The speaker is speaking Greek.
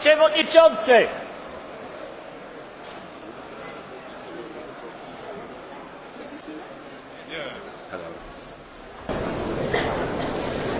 przewodniczący!